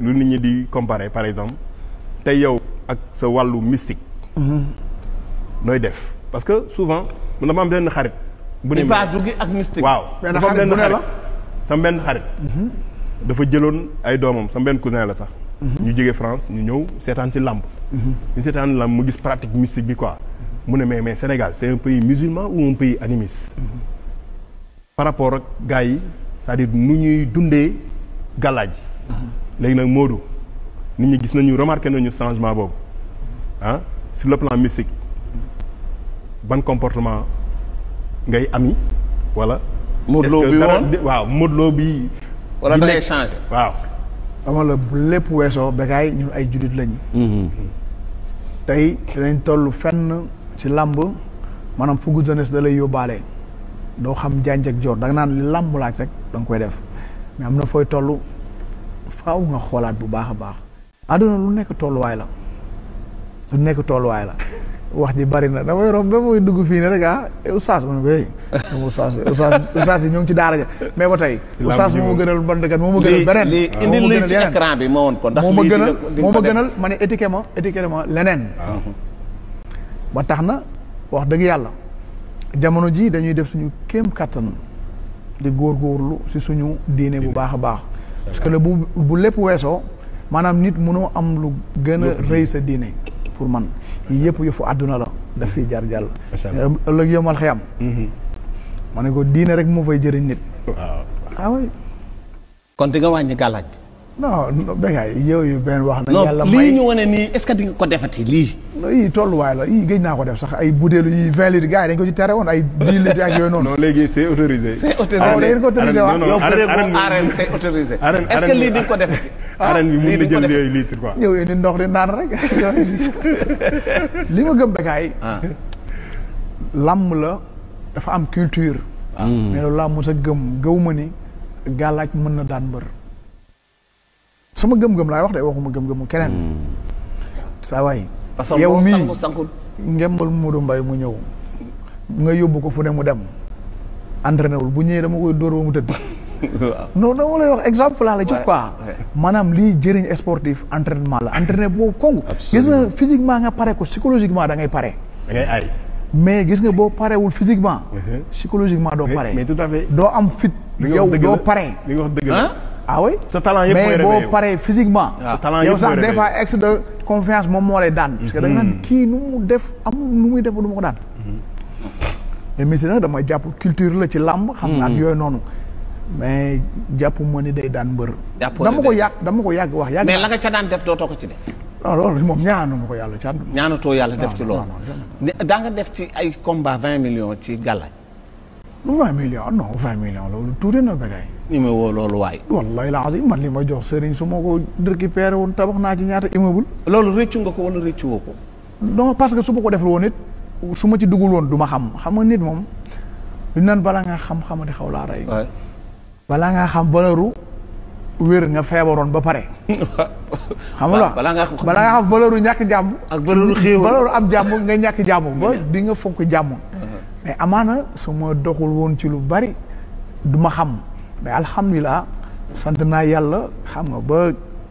lu nit ñi di comparer par exemple tey yow ak sa wàllu mystique. Mm-hmm. nooy def parce que souvent mun na ma am benn xarit. bu ne ak mystique. waaw dafa am benn xarit sama benn xarit. Mm-hmm. dafa jëloon ay doomam sama benn cousin la sax. Mm-hmm. ñu jógee France ñu ñëw seetaan ci làmp ñu seetaan làmb mu gis pratique mystique bi quoi. mu ne mais mais Sénégal c'est un pays musulman ou un pays par rapport ak gars yi cest à nu ñuy dundee galaaj. léegi nag Moodu nit ñi gis nañu remarqué nañu changement boobu ah sur le plan ban comportement ngay ami wala. Modou bi waaw Modou bi. wala da ngay changé waaw. dama la bu lépp weesoo Bécaye ñun ay jullit lañu. Mm-hmm. tey nañ toll fenn ci làmb maanaam fugu jeunesse da lay yóbbaale doo xam janj joor da nga naan li làmb laaj rek da koy def mais am na fooy toll. faaw nga xoolaat bu baax a baax àdduna lu nekk tolluwaay la lu nekk tolluwaay la wax ji bari na damay romb ba muy dugg fii ne rek ah eh, oustaz eh, man béy oustaz oustaz oustaz yi ñoo ngi ci daara ja mais ba tey oustaz moo ma gënal man kat moo ma beneen lii indil li bi moo woon ko ndax moo ma gënal moo ma gënal ma ne étiquette ma étiquette leneen ah. ba tax na wax dëgg yàlla jamono ji dañuy def suñu kéem kattan di góorgóorlu si suñu diine bu baax a baax parce que le bu bu lépp weesoo maanaam nit mënoo am lu gën a rëy sa diine pour man yii yëpp yëfu àdduna la daf fiy jar jàll ëllëg yomal xëyam mhm. ma ne ko diine rek moo fay jëriñ nit waaw ah kon di nga wàññi gàllaaj non non béykat yooyu benn wax na. yàlla may lii ñu wane nii est-ce que di nga ko defati lii. yii tolluwaay la yii gëj naa ko def sax ay butéelu yii vingt litres gars yi dañ ko ci tere woon ay dix litres ak yooyu noonu. non léegi c'est autorisé. c'est ko autorisé ah, waat lii di nga ko defati. Ah, bi mun na jël yooyu litres quoi. yow yéen li ma gëm béykat ah. làmm la dafa am culture. mais loolu laa mos a gëm gëw ma ni gàllaaj mën na daan mbër. sama gëm-gëm laay wax de waxuma gëm-gëmu keneen. Hmm. saa waay. yow mii ngembal Modou mbay mu ñëw. nga yóbbu ko fu ne mu dem. entraîné wul bu ñëwee dama koy dóor ba mu tëdd. non dama lay wax exemple laa la ci quoi. maanaam liy jëriñ sportif entraînement la entraîné boobu kongu. gis nga physiquement nga pare ko psychologiquement da ngay pare. mais gis nga boo parewul physiquement. Uh-huh. psychologiquement doo pare. mais doo am fit. yow doo pare li nga dëgg la waaw ah oui sa talent yëpp mooy réveillé mais boo paree physiquement. Ah. talent yëpp yow sax des fois excès de confiance moom moo lay daan. parce que da nga mm-hmm. nu mu def amul muy def du ma ko daan. Mm-hmm. mais nag damay jàpp culture la ci làmb. xam naa mm-hmm. yooyu noonu. mais jàpp ma ni day daan mbër. dama ko yàgg dama ko yàgg wax yàgg. mais la nga ca daan def dootoo ko ci def. non loolu ko yàlla ca. ñaanatoo yàlla def ci loolu. daa def ci ay combat vingt million ci gàllaaj vingt millions non vingt millions loolu tuuti na bégaay ni ma woo loolu waay wallahi la azim man li ma jox sëriñ su ma ko récupéré woon tabax naa ci ñaata immeuble loolu réccu nga ko wala réccu woo ko non parce que su ma ko defal woon it su ma ci dugul woon du ma xam xam nga nit moom duñ naan balaa ngaa xam-xama di xaw laa rey balaa ngaa xam valeuru wér nga feebaroon ba pare xam nga balaa ngaa xam valeur ñàkk jàmm ak valeuru xéewal valeuru am jàmm nga ñàkk jàmm ba di nga fonk jàmm mais amaana su ma doxul woon ci lu bari du ma xam mais alhamdulilah sant naa yàlla xam nga ba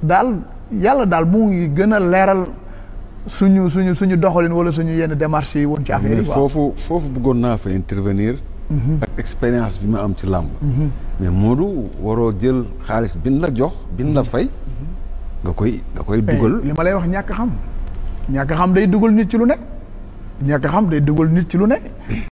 daal yàlla daal mu ngi gën a leeral suñu su suñu doxalin wala suñu yenn démarches yi woon ci affaire yi foofu foofu bëggoon naa fa intervenir mhm. ak expérience bi ma am ci làmb mhm. mais Modou waroo jël xaalis bin la jox bin la fay mhm. nga koy nga koy dugal eh, li ma lay wax ñàkk xam ñàkk xam day dugal nit ci lu ne ñàkk xam day dugal nit ci lu ne